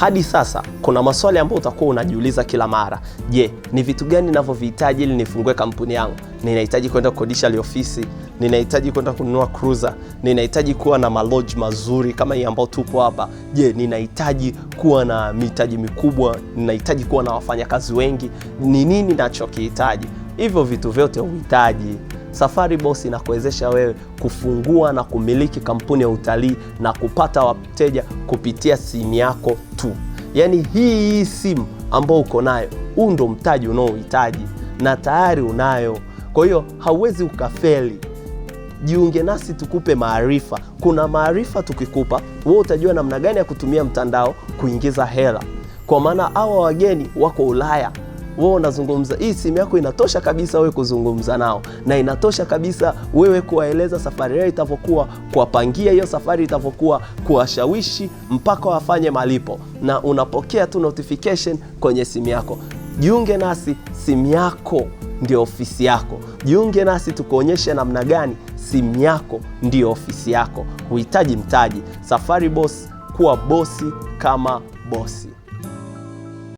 Hadi sasa kuna maswali ambayo utakuwa unajiuliza kila mara. Je, ni vitu gani ninavyovihitaji ili nifungue kampuni yangu? Ninahitaji kwenda kukodisha liofisi, ninahitaji kwenda kununua cruiser, ninahitaji kuwa na maloji mazuri kama hii ambayo tupo hapa. Je, ninahitaji kuwa na mitaji mikubwa? Ninahitaji kuwa na wafanyakazi wengi? Ni nini nachokihitaji? Hivyo vitu vyote uhitaji Safari Boss inakuwezesha wewe kufungua na kumiliki kampuni ya utalii na kupata wateja kupitia simu yako Yaani hii hii simu ambayo uko nayo, huu ndo mtaji unaohitaji na tayari unayo, kwa hiyo hauwezi ukafeli. Jiunge nasi tukupe maarifa. Kuna maarifa tukikupa wewe, utajua namna gani ya kutumia mtandao kuingiza hela, kwa maana hawa wageni wako Ulaya wewe unazungumza, hii simu yako inatosha kabisa wewe kuzungumza nao, na inatosha kabisa wewe kuwaeleza safari yao itavyokuwa, kuwapangia hiyo safari itavyokuwa, kuwashawishi mpaka wafanye malipo, na unapokea tu notification kwenye simu yako. Jiunge nasi, simu yako ndio ofisi yako. Jiunge nasi tukuonyeshe namna gani simu yako ndio ofisi yako. Huhitaji mtaji. Safari Boss, kuwa bosi kama bosi.